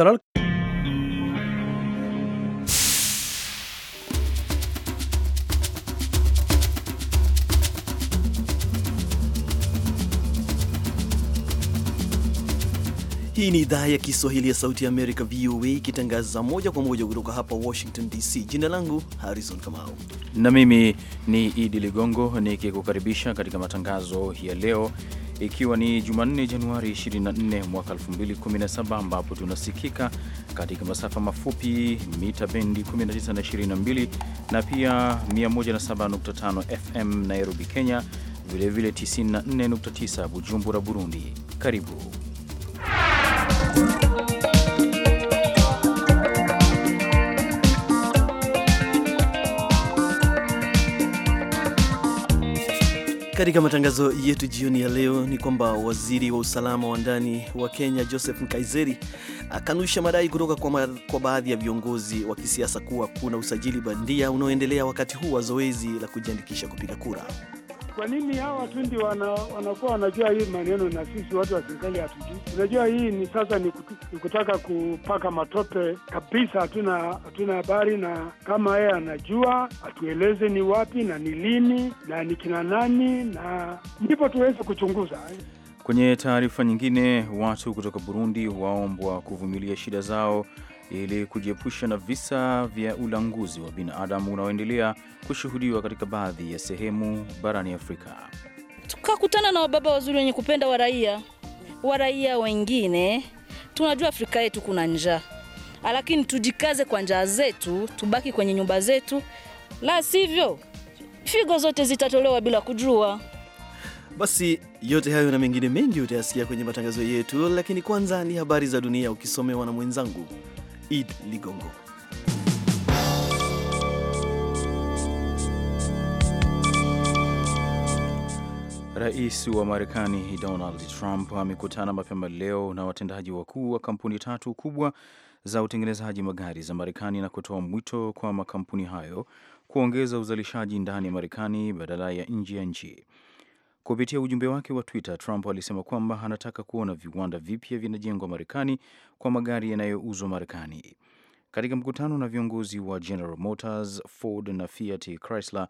Dalal Hii ni idhaa ya Kiswahili ya Sauti ya Amerika, VOA, ikitangaza moja kwa moja kutoka hapa Washington DC. Jina langu Harrison Kamau na mimi ni Idi Ligongo nikikukaribisha katika matangazo ya leo, ikiwa ni Jumanne Januari 24 mwaka 2017, ambapo tunasikika katika masafa mafupi mita bendi 19 na 22 na pia 107.5 FM Nairobi, Kenya, vilevile 94.9 Bujumbura, Burundi. Karibu Katika matangazo yetu jioni ya leo ni kwamba waziri wa usalama wa ndani wa Kenya Joseph Nkaiseri akanusha madai kutoka kwa, kwa baadhi ya viongozi wa kisiasa kuwa kuna usajili bandia unaoendelea wakati huu wa zoezi la kujiandikisha kupiga kura. Kwa nini hawa watu ndi wanakuwa wanajua hii maneno na sisi watu wa serikali hatujui? Unajua hii ni sasa ni, kutu, ni kutaka kupaka matope kabisa. Hatuna hatuna habari, na kama yeye anajua atueleze ni wapi na ni lini na ni kina nani, na ndipo tuweze kuchunguza. Kwenye taarifa nyingine, watu kutoka Burundi waombwa kuvumilia shida zao ili kujiepusha na visa vya ulanguzi wa binadamu unaoendelea kushuhudiwa katika baadhi ya sehemu barani Afrika. Tukakutana na wababa wazuri wenye kupenda waraia waraia wengine. Tunajua Afrika yetu kuna njaa, lakini tujikaze kwa njaa zetu, tubaki kwenye nyumba zetu, la sivyo figo zote zitatolewa bila kujua. Basi yote hayo na mengine mengi utayasikia kwenye matangazo yetu, lakini kwanza ni habari za dunia ukisomewa na mwenzangu Id Ligongo. Rais wa Marekani Donald Trump amekutana mapema leo na watendaji wakuu wa kampuni tatu kubwa za utengenezaji magari za Marekani na kutoa mwito kwa makampuni hayo kuongeza uzalishaji ndani ya Marekani badala ya nje ya nchi. Kupitia ujumbe wake wa Twitter, Trump alisema kwamba anataka kuona viwanda vipya vinajengwa Marekani kwa magari yanayouzwa Marekani. Katika mkutano na viongozi wa General Motors, Ford na Fiat Chrysler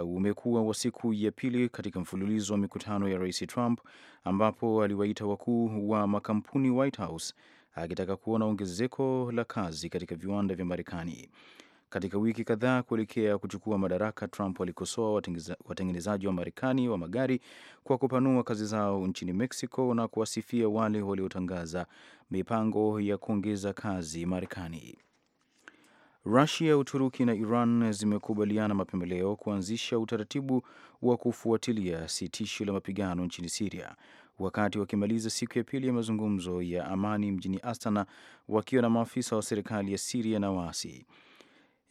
uh, umekuwa wa siku ya pili katika mfululizo wa mikutano ya Rais Trump ambapo aliwaita wakuu wa makampuni White House akitaka kuona ongezeko la kazi katika viwanda vya Marekani. Katika wiki kadhaa kuelekea kuchukua madaraka, Trump alikosoa watengenezaji wa Marekani wa magari kwa kupanua kazi zao nchini Mexico na kuwasifia wale waliotangaza mipango ya kuongeza kazi Marekani. Rusia, Uturuki na Iran zimekubaliana mapema leo kuanzisha utaratibu wa kufuatilia sitisho la mapigano nchini Siria wakati wakimaliza siku ya pili ya mazungumzo ya amani mjini Astana wakiwa na maafisa wa serikali ya Siria na waasi.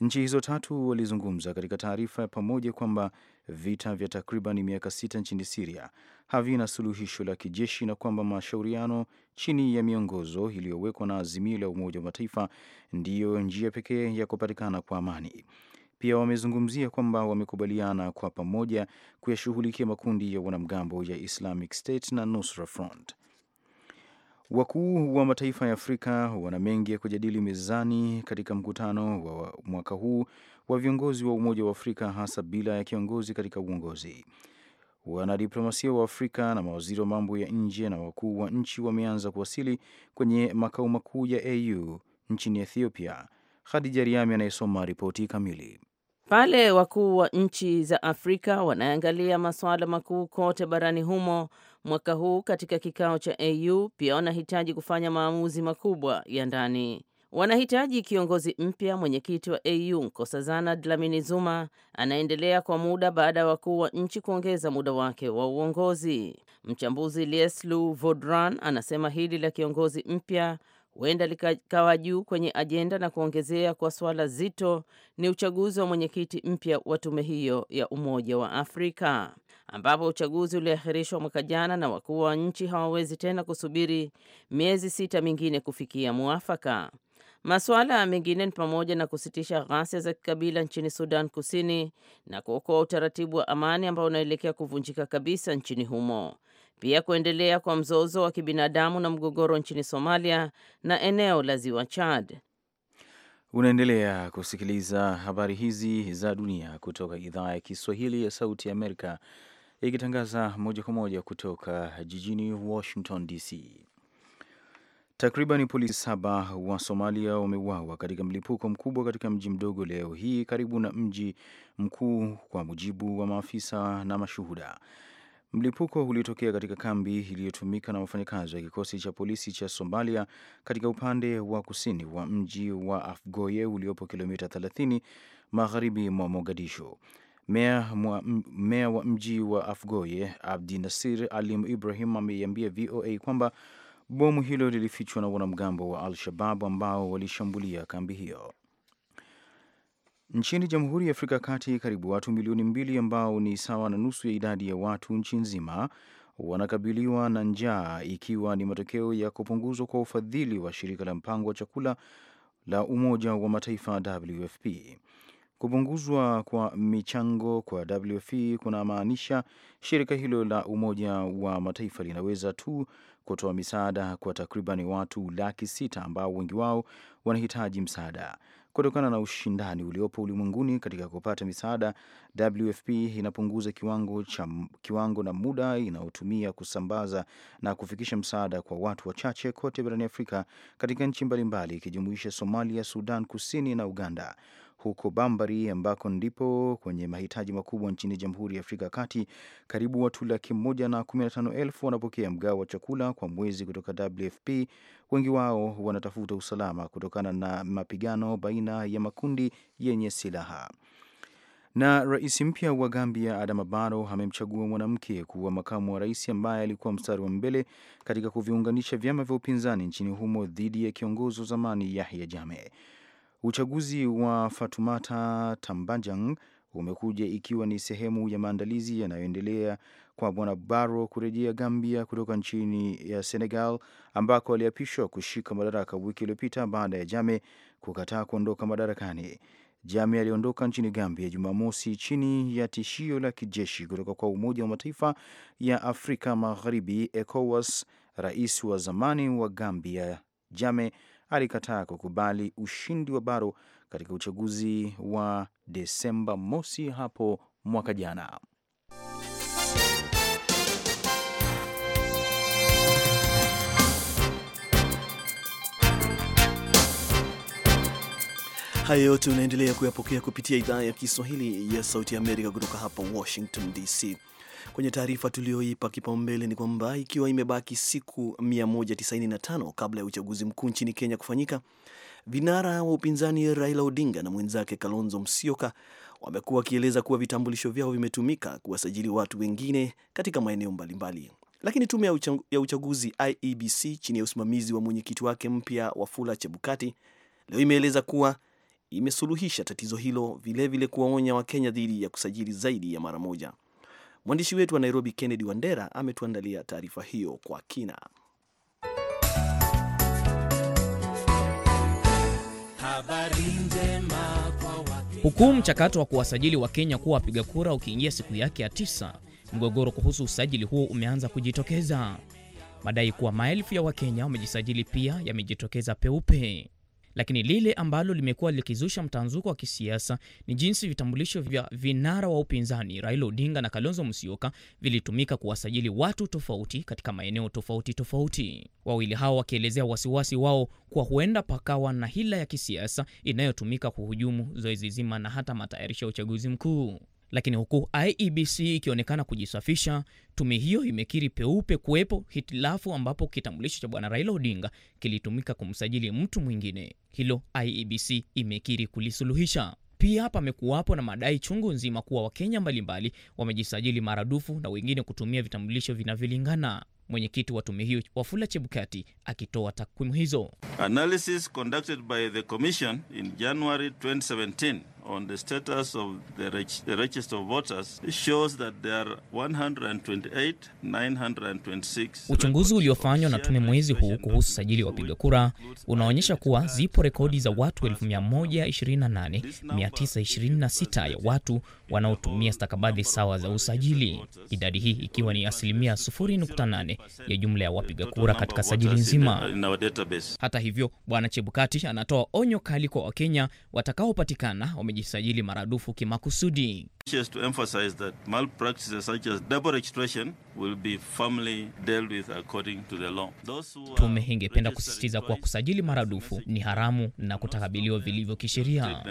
Nchi hizo tatu walizungumza katika taarifa ya pamoja kwamba vita vya takriban miaka sita nchini Siria havina suluhisho la kijeshi na kwamba mashauriano chini ya miongozo iliyowekwa na azimio la Umoja wa Mataifa ndiyo njia pekee ya kupatikana kwa amani. Pia wamezungumzia kwamba wamekubaliana kwa pamoja kuyashughulikia makundi ya wanamgambo ya Islamic State na Nusra Front. Wakuu wa mataifa ya Afrika wana mengi ya kujadili mezani katika mkutano wa mwaka huu wa viongozi wa Umoja wa Afrika, hasa bila ya kiongozi katika uongozi. Wanadiplomasia wa Afrika na mawaziri wa mambo ya nje na wakuu wa nchi wameanza kuwasili kwenye makao makuu ya AU nchini Ethiopia. Khadija Riami anayesoma ripoti kamili. Pale wakuu wa nchi za Afrika wanaangalia masuala makuu kote barani humo mwaka huu katika kikao cha AU. Pia wanahitaji kufanya maamuzi makubwa ya ndani. Wanahitaji kiongozi mpya. Mwenyekiti wa AU Nkosazana Dlamini Zuma anaendelea kwa muda baada ya wakuu wa nchi kuongeza muda wake wa uongozi. Mchambuzi lieslu Vodran anasema hili la kiongozi mpya huenda likawa juu kwenye ajenda na kuongezea kwa suala zito ni uchaguzi wa mwenyekiti mpya wa tume hiyo ya Umoja wa Afrika, ambapo uchaguzi uliahirishwa mwaka jana na wakuu wa nchi hawawezi tena kusubiri miezi sita mingine kufikia mwafaka. Masuala mengine ni pamoja na kusitisha ghasia za kikabila nchini Sudan Kusini na kuokoa utaratibu wa amani ambao unaelekea kuvunjika kabisa nchini humo. Pia kuendelea kwa mzozo wa kibinadamu na mgogoro nchini Somalia na eneo la Ziwa Chad. Unaendelea kusikiliza habari hizi za dunia kutoka idhaa ya Kiswahili ya Sauti ya Amerika ikitangaza moja kwa moja kutoka jijini Washington DC. Takriban polisi saba wa Somalia wameuawa katika mlipuko mkubwa katika mji mdogo leo hii karibu na mji mkuu, kwa mujibu wa maafisa na mashuhuda. Mlipuko uliotokea katika kambi iliyotumika na wafanyakazi wa kikosi cha polisi cha Somalia katika upande wa kusini wa mji wa Afgoye uliopo kilomita 30 magharibi mwa Mogadishu. Meya wa mji wa Afgoye, Abdi Nasir Alim Ibrahim, ameiambia VOA kwamba bomu hilo lilifichwa na wanamgambo wa Al-Shabab ambao walishambulia kambi hiyo. Nchini Jamhuri ya Afrika ya Kati, karibu watu milioni mbili ambao ni sawa na nusu ya idadi ya watu nchi nzima wanakabiliwa na njaa, ikiwa ni matokeo ya kupunguzwa kwa ufadhili wa shirika la mpango wa chakula la Umoja wa Mataifa WFP. Kupunguzwa kwa michango kwa WFP kunamaanisha shirika hilo la Umoja wa Mataifa linaweza tu kutoa misaada kwa takribani watu laki sita ambao wengi wao wanahitaji msaada. Kutokana na ushindani uliopo ulimwenguni katika kupata misaada, WFP inapunguza kiwango, cha, kiwango na muda inayotumia kusambaza na kufikisha msaada kwa watu wachache kote barani Afrika katika nchi mbalimbali ikijumuisha Somalia, Sudan Kusini na Uganda huko Bambari, ambako ndipo kwenye mahitaji makubwa nchini Jamhuri ya Afrika ya Kati. Karibu watu laki moja na kumi na tano elfu wanapokea mgao wa chakula kwa mwezi kutoka WFP. Wengi wao wanatafuta usalama kutokana na mapigano baina ya makundi yenye silaha na rais mpya wa Gambia Adama Barrow amemchagua mwanamke kuwa makamu wa rais ambaye alikuwa mstari wa mbele katika kuviunganisha vyama vya upinzani nchini humo dhidi ya kiongozi wa zamani Yahya Jammeh. Uchaguzi wa Fatumata Tambajang umekuja ikiwa ni sehemu ya maandalizi yanayoendelea kwa Bwana Barrow kurejea Gambia kutoka nchini ya Senegal ambako aliapishwa kushika madaraka wiki iliyopita baada ya Jame kukataa kuondoka madarakani. Jame aliondoka nchini Gambia Jumamosi chini ya tishio la kijeshi kutoka kwa Umoja wa Mataifa ya Afrika Magharibi, ECOWAS. Rais wa zamani wa Gambia Jame alikataa kukubali ushindi wa baro katika uchaguzi wa Desemba mosi hapo mwaka jana. Hayo yote unaendelea kuyapokea kupitia idhaa ya Kiswahili ya Sauti ya Amerika kutoka hapa Washington DC. Kwenye taarifa tuliyoipa kipaumbele ni kwamba ikiwa imebaki siku 195 kabla ya uchaguzi mkuu nchini Kenya kufanyika, vinara wa upinzani Raila Odinga na mwenzake Kalonzo Musyoka wamekuwa wakieleza kuwa vitambulisho vyao vimetumika kuwasajili watu wengine katika maeneo mbalimbali. Lakini tume ya uchaguzi IEBC chini ya usimamizi wa mwenyekiti wake mpya Wafula Chebukati leo imeeleza kuwa imesuluhisha tatizo hilo, vilevile kuwaonya Wakenya dhidi ya kusajili zaidi ya mara moja. Mwandishi wetu wa Nairobi, Kennedy Wandera, ametuandalia taarifa hiyo kwa kina. Habari njema kwa Wakenya. Huku mchakato wa kuwasajili Wakenya kuwa wapiga kura ukiingia siku yake ya tisa, mgogoro kuhusu usajili huo umeanza kujitokeza. Madai kuwa maelfu ya Wakenya wamejisajili pia yamejitokeza peupe. Lakini lile ambalo limekuwa likizusha mtanzuko wa kisiasa ni jinsi vitambulisho vya vinara wa upinzani Raila Odinga na Kalonzo Musyoka vilitumika kuwasajili watu tofauti katika maeneo tofauti tofauti, wawili hao wakielezea wasiwasi wao kuwa huenda pakawa na hila ya kisiasa inayotumika kuhujumu zoezi zima na hata matayarisho ya uchaguzi mkuu. Lakini huku IEBC ikionekana kujisafisha, tume hiyo imekiri peupe kuwepo hitilafu ambapo kitambulisho cha bwana Raila Odinga kilitumika kumsajili mtu mwingine. Hilo IEBC imekiri kulisuluhisha. Pia pamekuwapo na madai chungu nzima kuwa Wakenya mbalimbali wamejisajili maradufu na wengine kutumia vitambulisho vinavyolingana mwenyekiti wa tume hiyo Wafula Chebukati akitoa takwimu hizo. Analysis conducted by the commission in January 2017 on the status of the register of voters shows that there are 128,926. Uchunguzi uliofanywa na tume mwezi huu kuhusu sajili wa wapiga kura unaonyesha kuwa zipo rekodi za watu 128,926 ya watu wanaotumia stakabadhi sawa za usajili, idadi hii ikiwa ni asilimia 0.8 ya jumla ya wapiga kura katika sajili nzima. Hata hivyo, Bwana Chebukati anatoa onyo kali kwa Wakenya watakaopatikana wamejisajili maradufu kimakusudi has to emphasize that malpractices such as double registration will be firmly dealt with according to the law. tume ingependa kusisitiza kuwa kusajili maradufu ni haramu na kutakabiliwa vilivyo kisheria.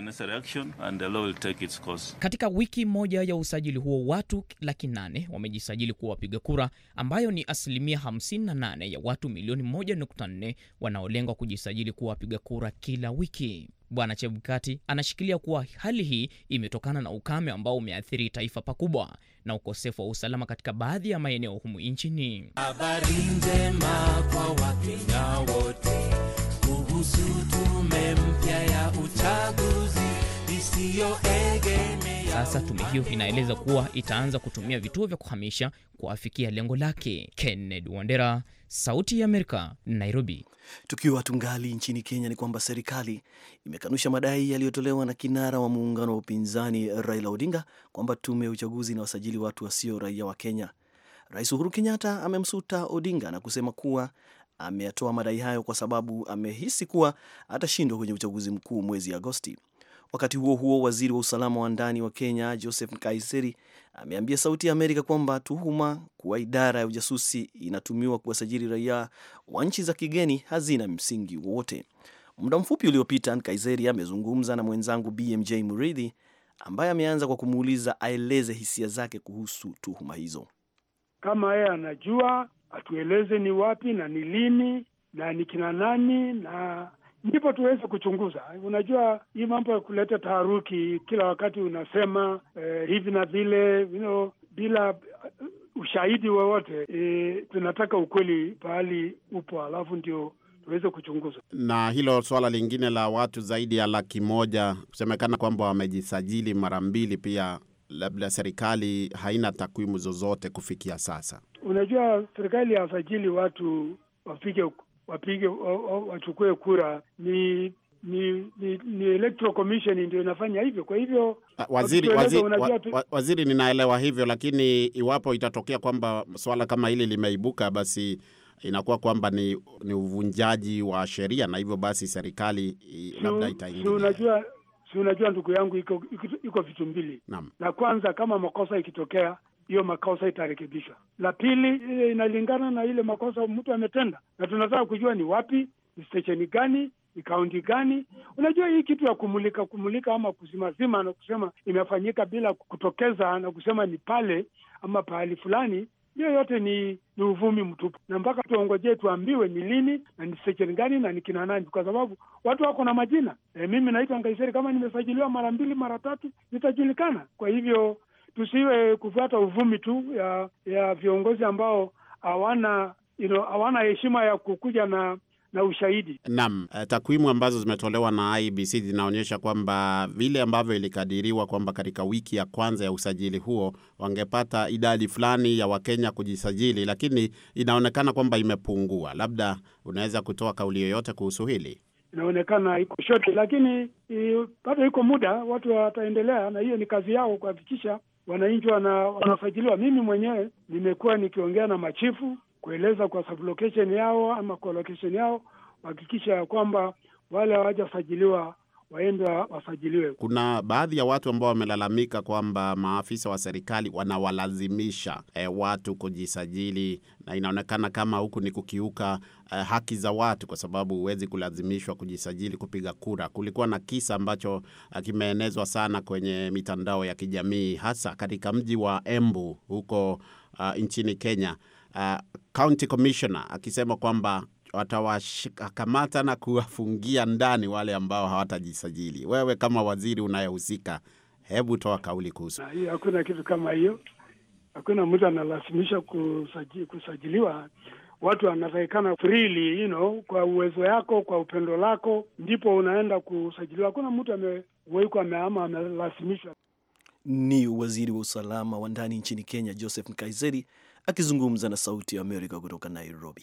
Katika wiki moja ya usajili huo, watu laki nane wamejisajili kuwa wapiga kura, ambayo ni asilimia 58 ya watu milioni 1.4 wanaolengwa kujisajili kuwa wapiga kura kila wiki. Bwana Chebukati anashikilia kuwa hali hii imetokana na ukame ambao umeathiri taifa pakubwa na ukosefu wa usalama katika baadhi ya maeneo humu nchini. Habari njema kwa Wakenya wote kuhusu tume mpya ya uchaguzi. Sasa tume hiyo inaeleza kuwa itaanza kutumia vituo vya kuhamisha kuafikia lengo lake. Kennedy Wandera, Sauti ya Amerika, Nairobi. Tukiwa tungali nchini Kenya, ni kwamba serikali imekanusha madai yaliyotolewa na kinara wa muungano wa upinzani Raila Odinga kwamba tume ya uchaguzi wasajili watu wasio raia wa Kenya. Rais Uhuru Kenyatta amemsuta Odinga na kusema kuwa ameyatoa madai hayo kwa sababu amehisi kuwa atashindwa kwenye uchaguzi mkuu mwezi Agosti. Wakati huo huo, waziri wa usalama wa ndani wa Kenya Joseph kaiseri ameambia Sauti ya Amerika kwamba tuhuma kuwa idara ya ujasusi inatumiwa kuwasajili raia wa nchi za kigeni hazina msingi wowote. Muda mfupi uliopita, Nkaiseri amezungumza na mwenzangu BMJ Muridhi ambaye ameanza kwa kumuuliza aeleze hisia zake kuhusu tuhuma hizo. Kama yeye anajua atueleze ni wapi na ni lini na ni kina nani na ndipo tuweze kuchunguza. Unajua, hii mambo ya kuleta taharuki kila wakati unasema eh, hivi na vile you know, bila uh, ushahidi wowote e, tunataka ukweli pahali upo, alafu ndio tuweze kuchunguza. Na hilo suala lingine la watu zaidi ya laki moja kusemekana kwamba wamejisajili mara mbili pia labda serikali haina takwimu zozote kufikia sasa. Unajua, serikali hasajili watu wafike wapige wachukue kura ni ni ni, ni electoral commission ndio inafanya hivyo. Kwa hivyo ah, waziri, waziri, wa, waziri, ninaelewa hivyo, lakini iwapo itatokea kwamba swala kama hili limeibuka, basi inakuwa kwamba ni ni uvunjaji wa sheria na hivyo basi serikali labda itaingilia. Unajua, si unajua ndugu yangu, iko iko vitu mbili. Naam. La kwanza kama makosa ikitokea hiyo makosa itarekebishwa. La pili eh, inalingana na ile makosa mtu ametenda, na tunataka kujua ni wapi, ni stesheni gani, ni kaunti gani. Unajua hii kitu ya kumulika kumulika ama kuzimazima na kusema imefanyika bila kutokeza na kusema ni pale ama pahali fulani hiyo yote ni ni uvumi mtupu, na mpaka tuongojee tuambiwe ni lini na ni stesheni gani na ni kina nani, kwa sababu watu wako na majina. E, mimi naitwa Ngaiseri, kama nimesajiliwa mara mbili mara tatu nitajulikana. Kwa hivyo tusiwe kufuata uvumi tu ya ya viongozi ambao hawana you know, hawana heshima ya kukuja na na ushahidi. Naam, eh, takwimu ambazo zimetolewa na IBC zinaonyesha kwamba vile ambavyo ilikadiriwa kwamba katika wiki ya kwanza ya usajili huo wangepata idadi fulani ya Wakenya kujisajili, lakini inaonekana kwamba imepungua. Labda unaweza kutoa kauli yoyote kuhusu hili? Inaonekana iko shoti, lakini eh, bado iko muda, watu wataendelea na hiyo ni kazi yao kuhakikisha wananchi wana, wanafuatiliwa. Mimi mwenyewe nimekuwa nikiongea na machifu kueleza kwa sublocation yao ama kwa location yao, kuhakikisha ya kwamba wale hawajasajiliwa waende wasajiliwe. Kuna baadhi ya watu ambao wamelalamika kwamba maafisa wa serikali wanawalazimisha eh, watu kujisajili, na inaonekana kama huku ni kukiuka eh, haki za watu, kwa sababu huwezi kulazimishwa kujisajili kupiga kura. Kulikuwa na kisa ambacho eh, kimeenezwa sana kwenye mitandao ya kijamii, hasa katika mji wa Embu huko uh, nchini Kenya. Uh, county commissioner akisema kwamba watawakamata na kuwafungia ndani wale ambao hawatajisajili. Wewe kama waziri unayehusika, hebu toa kauli kuhusu hiyo. Hakuna kitu kama hiyo, hakuna mtu analazimisha kusaji, kusajiliwa. Watu wanatakikana freely, you know, kwa uwezo yako, kwa upendo lako, ndipo unaenda kusajiliwa. Hakuna mtu amewekwa ameama amelazimishwa. Ni waziri wa usalama wa ndani nchini Kenya Joseph Nkaiseri akizungumza na Sauti ya Amerika kutoka Nairobi.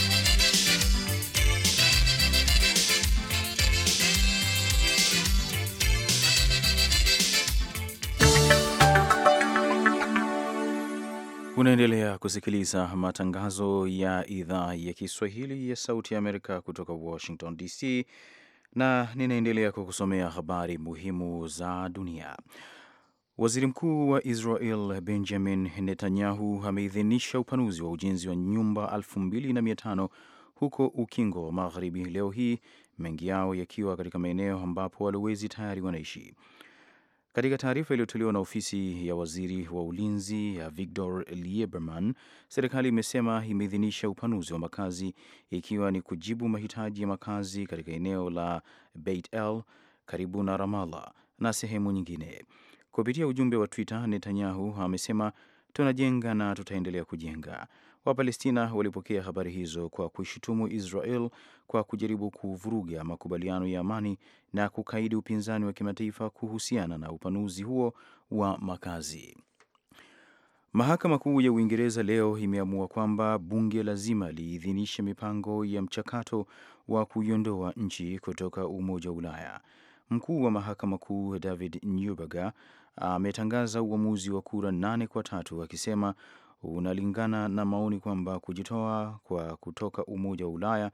Unaendelea kusikiliza matangazo ya idhaa ya Kiswahili ya Sauti ya Amerika kutoka Washington DC, na ninaendelea kukusomea habari muhimu za dunia. Waziri Mkuu wa Israel Benjamin Netanyahu ameidhinisha upanuzi wa ujenzi wa nyumba 2500 huko Ukingo wa Magharibi leo hii, mengi yao yakiwa katika maeneo ambapo walowezi tayari wanaishi. Katika taarifa iliyotolewa na ofisi ya waziri wa ulinzi ya Victor Lieberman, serikali imesema imeidhinisha upanuzi wa makazi ikiwa ni kujibu mahitaji ya makazi katika eneo la Beit El karibu na Ramallah na sehemu nyingine. Kupitia ujumbe wa Twitter, Netanyahu amesema tunajenga na tutaendelea kujenga. Wapalestina walipokea habari hizo kwa kuishutumu Israel kwa kujaribu kuvuruga makubaliano ya amani na kukaidi upinzani wa kimataifa kuhusiana na upanuzi huo wa makazi. Mahakama Kuu ya Uingereza leo imeamua kwamba bunge lazima liidhinishe mipango ya mchakato wa kuiondoa nchi kutoka Umoja wa Ulaya. Mkuu wa Mahakama Kuu David Neuberger ametangaza uamuzi wa kura nane kwa tatu akisema unalingana na maoni kwamba kujitoa kwa kutoka Umoja wa Ulaya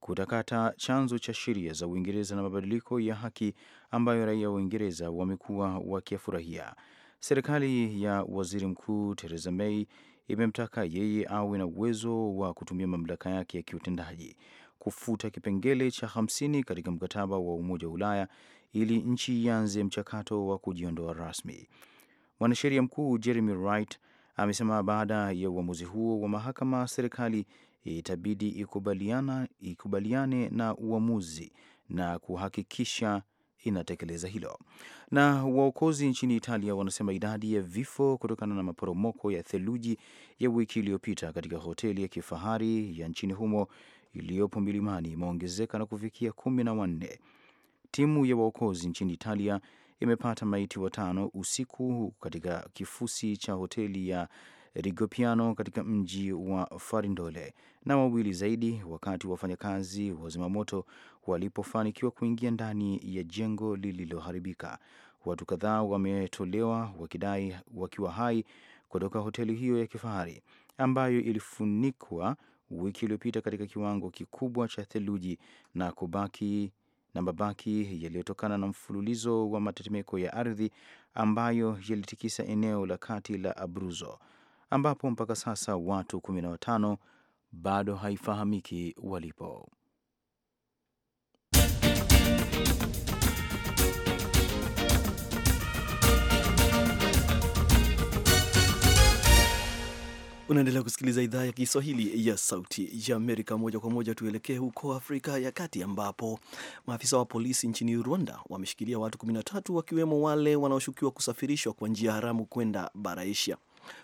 kutakata chanzo cha sheria za Uingereza na mabadiliko ya haki ambayo raia wa Uingereza wamekuwa wakiyafurahia. Serikali ya Waziri Mkuu Theresa May imemtaka yeye awe na uwezo wa kutumia mamlaka yake ya kiutendaji kufuta kipengele cha 50 katika mkataba wa Umoja wa Ulaya ili nchi ianze mchakato wa kujiondoa rasmi. Mwanasheria mkuu Jeremy Wright Amesema baada ya uamuzi huo wa mahakama, serikali itabidi ikubaliana, ikubaliane na uamuzi na kuhakikisha inatekeleza hilo. Na waokozi nchini Italia wanasema idadi ya vifo kutokana na maporomoko ya theluji ya wiki iliyopita katika hoteli ya kifahari ya nchini humo iliyopo milimani imeongezeka na kufikia kumi na wanne. Timu ya waokozi nchini Italia imepata maiti watano usiku katika kifusi cha hoteli ya Rigopiano katika mji wa Farindole na wawili zaidi wakati wafanyakazi wa zimamoto walipofanikiwa kuingia ndani ya jengo lililoharibika. Watu kadhaa wametolewa wakidai wakiwa hai kutoka hoteli hiyo ya kifahari ambayo ilifunikwa wiki iliyopita katika kiwango kikubwa cha theluji na kubaki na mabaki yaliyotokana na mfululizo wa matetemeko ya ardhi ambayo yalitikisa eneo la kati la abruzo ambapo mpaka sasa watu 15 bado haifahamiki walipo. Unaendelea kusikiliza idhaa ya Kiswahili ya Sauti ya Amerika. Moja kwa moja tuelekee huko Afrika ya Kati, ambapo maafisa wa polisi nchini Rwanda wameshikilia watu 13 wakiwemo wale wanaoshukiwa kusafirishwa kwa njia haramu kwenda bara Asia.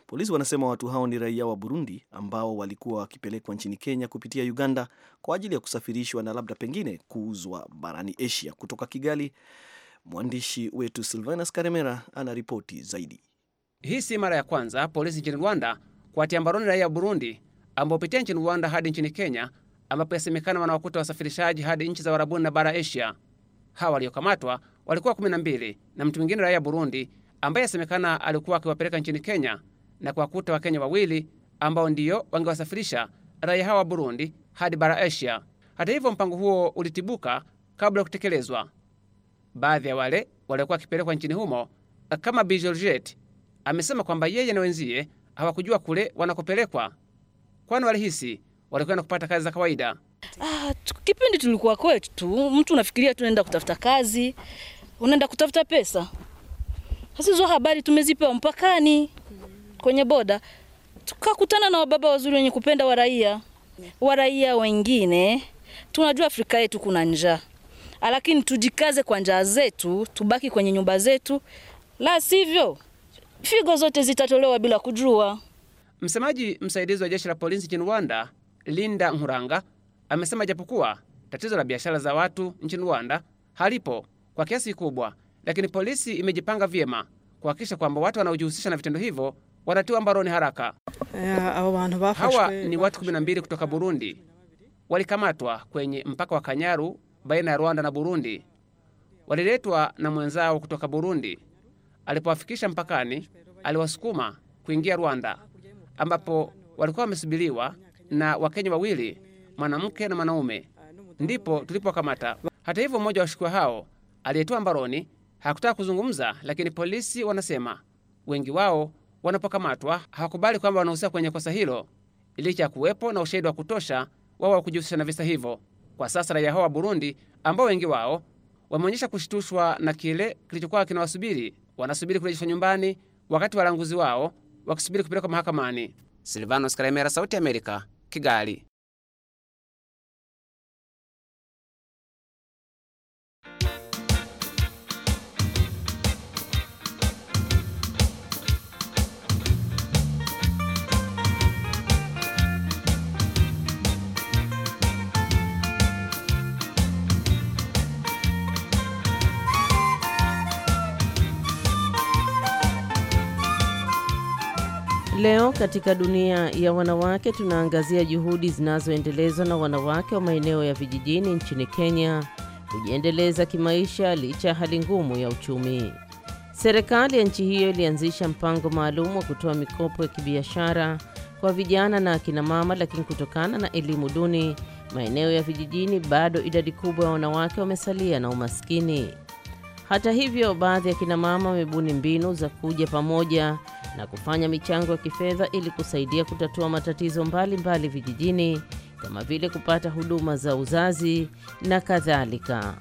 Polisi wanasema watu hao ni raia wa Burundi ambao walikuwa wakipelekwa nchini Kenya kupitia Uganda kwa ajili ya kusafirishwa na labda pengine kuuzwa barani Asia. Kutoka Kigali, mwandishi wetu Silvanus Karemera ana ripoti zaidi. Hii si mara ya kwanza polisi nchini Rwanda kuwatia mbaroni raia wa Burundi ambao hupitia nchini Rwanda hadi nchini Kenya, ambapo yasemekana wanawakuta wasafirishaji hadi nchi za Warabuni na bara Asia. Hawa waliokamatwa walikuwa 12 na mtu mwingine raia Burundi ambaye yasemekana alikuwa akiwapeleka nchini Kenya na kuwakuta Wakenya wawili ambao ndiyo wangewasafirisha raia hawa wa Burundi hadi bara Asia. Hata hivyo, mpango huo ulitibuka kabla ya kutekelezwa. Baadhi ya wale waliokuwa wakipelekwa nchini humo, kama Bijorjet amesema kwamba yeye na wenzie hawakujua kule wanakopelekwa, kwani walihisi walikwenda kupata kazi za kawaida. Ah, kipindi tulikuwa kwetu tu, mtu unafikiria tu tunaenda kutafuta kazi, unaenda kutafuta pesa. Sasa hizo habari tumezipewa mpakani kwenye boda, tukakutana na wababa wazuri wenye kupenda waraia, waraia wengine. Tunajua Afrika yetu kuna njaa, lakini tujikaze kwa njaa zetu, tubaki kwenye nyumba zetu, la sivyo figo zote zitatolewa bila kujua. Msemaji msaidizi wa jeshi la polisi nchini Rwanda, Linda Nkuranga, amesema japokuwa tatizo la biashara za watu nchini Rwanda halipo kwa kiasi kikubwa, lakini polisi imejipanga vyema kuhakikisha kwamba watu wanaojihusisha na vitendo hivyo wanatiwa mbaroni haraka. Eh, hawa ni watu 12 kutoka Burundi walikamatwa kwenye mpaka wa Kanyaru baina ya Rwanda na Burundi. Waliletwa na mwenzao kutoka Burundi alipowafikisha mpakani, aliwasukuma kuingia Rwanda, ambapo walikuwa wamesubiriwa na Wakenya wawili, mwanamke na mwanaume, ndipo tulipokamata. Hata hivyo, mmoja wa washukiwa hao aliyetiwa mbaroni hakutaka kuzungumza, lakini polisi wanasema wengi wao wanapokamatwa hawakubali kwamba wanahusika kwenye kosa hilo, licha ya kuwepo na ushahidi wa kutosha wao wa kujihusisha na visa hivyo. Kwa sasa raia hao wa Burundi ambao wengi wao wameonyesha kushitushwa na kile kilichokuwa kinawasubiri wanasubiri kurejeshwa nyumbani, wakati walanguzi wao wakisubiri kupelekwa mahakamani. Silvanos Karemera, Sauti ya Amerika, Kigali. Leo katika dunia ya wanawake tunaangazia juhudi zinazoendelezwa na wanawake wa maeneo ya vijijini nchini Kenya kujiendeleza kimaisha licha ya hali ngumu ya uchumi. Serikali ya nchi hiyo ilianzisha mpango maalum wa kutoa mikopo ya kibiashara kwa vijana na akina mama, lakini kutokana na elimu duni maeneo ya vijijini, bado idadi kubwa ya wanawake wamesalia na umaskini. Hata hivyo, baadhi ya kinamama wamebuni mbinu za kuja pamoja na kufanya michango ya kifedha ili kusaidia kutatua matatizo mbalimbali mbali vijijini kama vile kupata huduma za uzazi na kadhalika.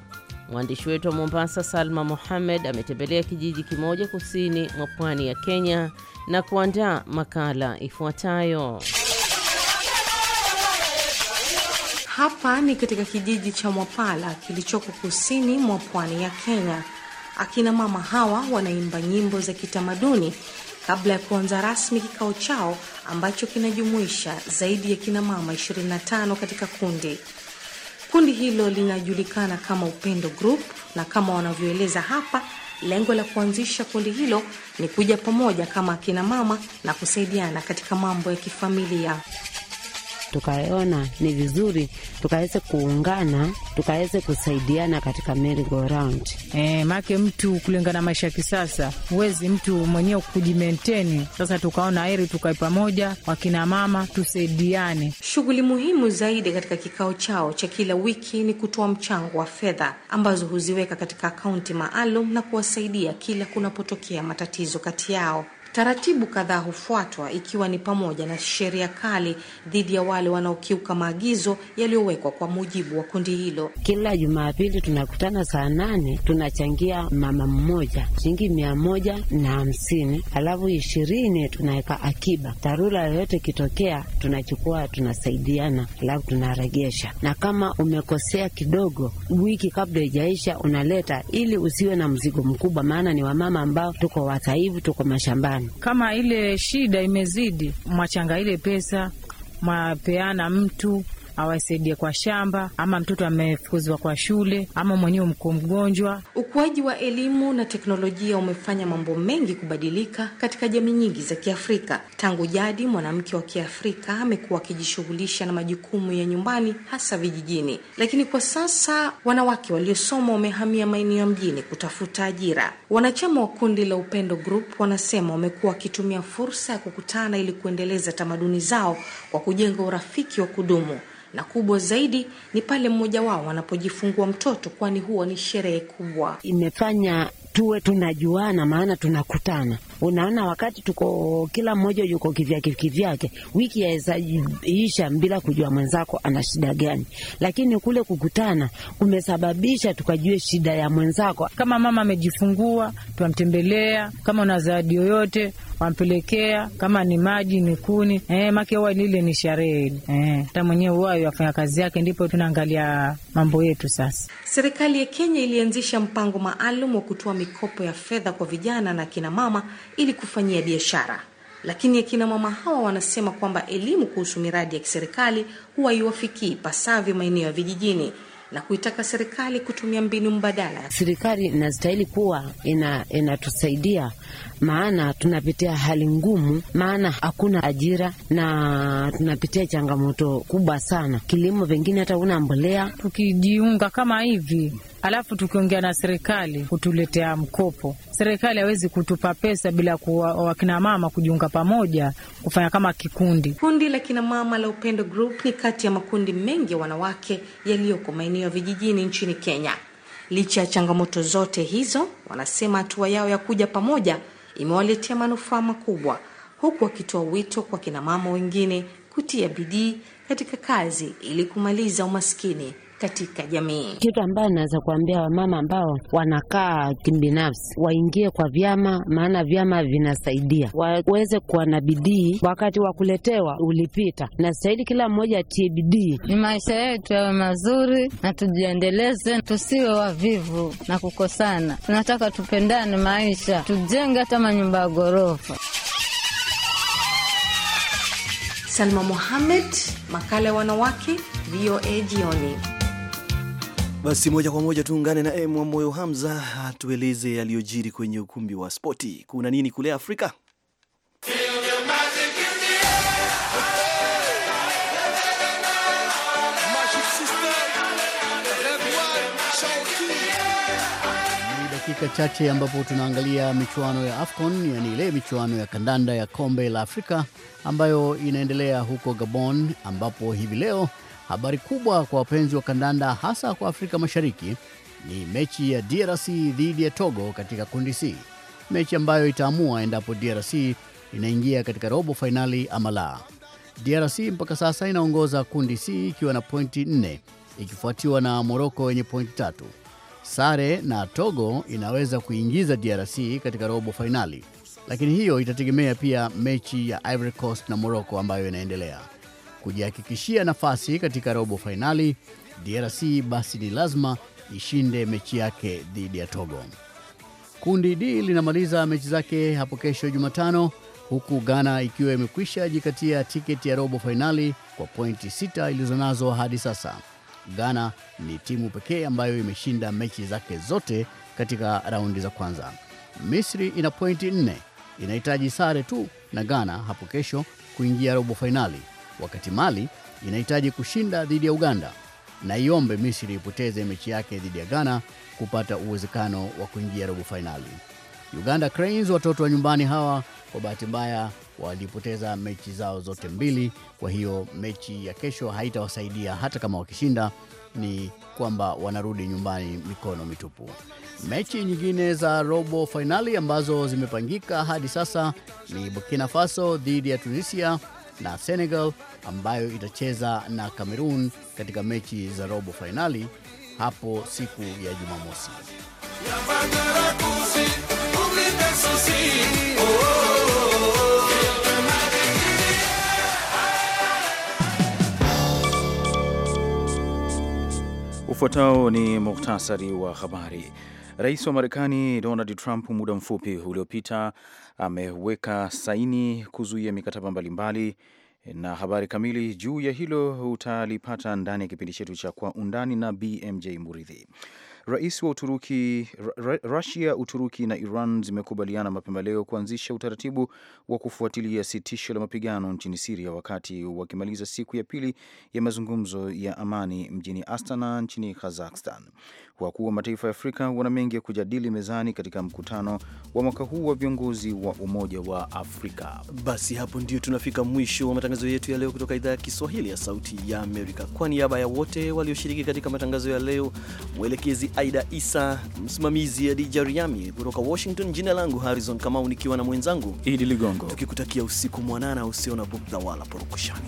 Mwandishi wetu wa Mombasa, Salma Mohamed, ametembelea kijiji kimoja kusini mwa pwani ya Kenya na kuandaa makala ifuatayo. Hapa ni katika kijiji cha Mwapala kilichoko kusini mwa pwani ya Kenya. Akina mama hawa wanaimba nyimbo za kitamaduni kabla ya kuanza rasmi kikao chao ambacho kinajumuisha zaidi ya kina mama 25 katika kundi. Kundi hilo linajulikana kama Upendo Group, na kama wanavyoeleza hapa, lengo la kuanzisha kundi hilo ni kuja pamoja kama akina mama na kusaidiana katika mambo ya kifamilia tukaona ni vizuri tukaweze kuungana, tukaweze kusaidiana katika merry go round. E, eh, make mtu kulingana maisha ya kisasa huwezi mtu mwenyewe kujimenteni. Sasa tukaona heri tukae pamoja, wakina mama tusaidiane. Shughuli muhimu zaidi katika kikao chao cha kila wiki ni kutoa mchango wa fedha ambazo huziweka katika akaunti maalum na kuwasaidia kila kunapotokea matatizo kati yao. Taratibu kadhaa hufuatwa ikiwa ni pamoja na sheria kali dhidi ya wale wanaokiuka maagizo yaliyowekwa kwa mujibu wa kundi hilo. Kila Jumapili tunakutana saa nane, tunachangia mama mmoja shilingi mia moja na hamsini, alafu ishirini tunaweka akiba. Dharura yoyote ikitokea, tunachukua tunasaidiana, alafu tunaregesha, na kama umekosea kidogo, wiki kabla ijaisha unaleta, ili usiwe na mzigo mkubwa, maana ni wamama ambao tuko wataivu, tuko mashambani. Kama ile shida imezidi, mwachanga ile pesa mwapeana mtu awasaidie kwa shamba, ama mtoto amefukuzwa kwa shule, ama mwenyewe mko mgonjwa. Ukuaji wa elimu na teknolojia umefanya mambo mengi kubadilika katika jamii nyingi za Kiafrika. Tangu jadi, mwanamke wa Kiafrika amekuwa akijishughulisha na majukumu ya nyumbani, hasa vijijini, lakini kwa sasa wanawake waliosoma wamehamia maeneo ya mjini kutafuta ajira. Wanachama wa kundi la Upendo Group wanasema wamekuwa wakitumia fursa ya kukutana ili kuendeleza tamaduni zao kwa kujenga urafiki wa kudumu na kubwa zaidi ni pale mmoja wao anapojifungua mtoto, kwani huwa ni sherehe kubwa. Imefanya tuwe tunajuana, maana tunakutana Unaona, wakati tuko kila mmoja yuko kivyake kivyake, wiki yaweza isha bila kujua mwenzako ana shida gani, lakini kule kukutana kumesababisha tukajue shida ya mwenzako. Kama mama amejifungua, twamtembelea. Kama una zawadi yoyote wampelekea, kama ni maji, ni kuni eh, make uwa lile ni sharehe eh, hata mwenyewe uwayo afanya kazi yake, ndipo tunaangalia mambo yetu. Sasa serikali ya Kenya ilianzisha mpango maalum wa kutoa mikopo ya fedha kwa vijana na kinamama ili kufanyia biashara. Lakini akina mama hawa wanasema kwamba elimu kuhusu miradi ya kiserikali huwa iwafikii pasavyo maeneo ya vijijini na kuitaka serikali kutumia mbinu mbadala. Serikali inastahili kuwa inatusaidia, ina maana tunapitia hali ngumu, maana hakuna ajira na tunapitia changamoto kubwa sana. Kilimo vengine hata una mbolea, tukijiunga kama hivi alafu tukiongea na serikali kutuletea mkopo. Serikali hawezi kutupa pesa bila kuwa wakinamama kujiunga pamoja kufanya kama kikundi. Kundi la kinamama la Upendo Group ni kati ya makundi mengi ya wanawake yaliyoko maeneo ya vijijini nchini Kenya. Licha ya changamoto zote hizo, wanasema hatua yao ya kuja pamoja imewaletea manufaa makubwa, huku wakitoa wito kwa kinamama wengine kutia bidii katika kazi ili kumaliza umaskini katika jamii. Kitu ambayo naweza kuambia wamama ambao wanakaa kibinafsi waingie kwa vyama, maana vyama vinasaidia, waweze kuwa na bidii. Wakati wa kuletewa ulipita, na stahili kila mmoja atie bidii. Ni maisha yetu yawe mazuri na tujiendeleze, tusiwe wavivu na kukosana. Tunataka tupendane maisha, tujenge hata manyumba ya ghorofa. Salma Mohamed, makala ya wanawake, VOA jioni. Basi moja kwa moja tuungane Emwa Moyo Hamza atueleze yaliyojiri kwenye ukumbi wa spoti. Kuna nini kule Afrika? Dakika chache ambapo tunaangalia michuano ya AFCON, yani ile michuano ya kandanda ya kombe la Afrika ambayo inaendelea huko Gabon, ambapo hivi leo Habari kubwa kwa wapenzi wa kandanda, hasa kwa Afrika Mashariki, ni mechi ya DRC dhidi ya Togo katika kundi C, mechi ambayo itaamua endapo DRC inaingia katika robo fainali ama la. DRC mpaka sasa inaongoza kundi C ikiwa na pointi 4 ikifuatiwa na Moroko yenye pointi tatu. Sare na Togo inaweza kuingiza DRC katika robo fainali, lakini hiyo itategemea pia mechi ya Ivory Coast na Moroko ambayo inaendelea kujihakikishia nafasi katika robo fainali, DRC basi ni lazima ishinde mechi yake dhidi ya Togo. Kundi D linamaliza mechi zake hapo kesho Jumatano, huku Ghana ikiwa imekwisha jikatia tiketi ya robo fainali kwa pointi sita ilizonazo hadi sasa. Ghana ni timu pekee ambayo imeshinda mechi zake zote katika raundi za kwanza. Misri ina pointi 4 inahitaji sare tu na Ghana hapo kesho kuingia robo fainali wakati Mali inahitaji kushinda dhidi ya Uganda na iombe Misri ipoteze mechi yake dhidi ya Ghana kupata uwezekano wa kuingia robo fainali. Uganda Cranes, watoto wa nyumbani hawa, kwa bahati mbaya walipoteza mechi zao zote mbili. Kwa hiyo mechi ya kesho haitawasaidia hata kama wakishinda, ni kwamba wanarudi nyumbani mikono mitupu. Mechi nyingine za robo fainali ambazo zimepangika hadi sasa ni Burkina Faso dhidi ya Tunisia na Senegal ambayo itacheza na Cameroon katika mechi za robo fainali hapo siku ya Jumamosi. Ufuatao ni muhtasari wa habari. Rais wa Marekani Donald Trump muda mfupi uliopita ameweka saini kuzuia mikataba mbalimbali na habari kamili juu ya hilo utalipata ndani ya kipindi chetu cha Kwa Undani na BMJ Muridhi. Rais wa Uturuki, Rusia, Uturuki na Iran zimekubaliana mapema leo kuanzisha utaratibu wa kufuatilia sitisho la mapigano nchini Siria wakati wakimaliza siku ya pili ya mazungumzo ya amani mjini Astana nchini Kazakhstan kwa kuwa mataifa ya Afrika wana mengi ya kujadili mezani katika mkutano wa mwaka huu wa viongozi wa Umoja wa Afrika. Basi hapo ndio tunafika mwisho wa matangazo yetu ya leo kutoka idhaa ya Kiswahili ya Sauti ya Amerika. Kwa niaba ya wote walioshiriki katika matangazo ya leo, mwelekezi Aida Isa, msimamizi Adija Riami kutoka Washington, jina langu Harrison Kamau nikiwa na mwenzangu Idi Ligongo, tukikutakia usiku mwanana usio na bughudha wala purukushani.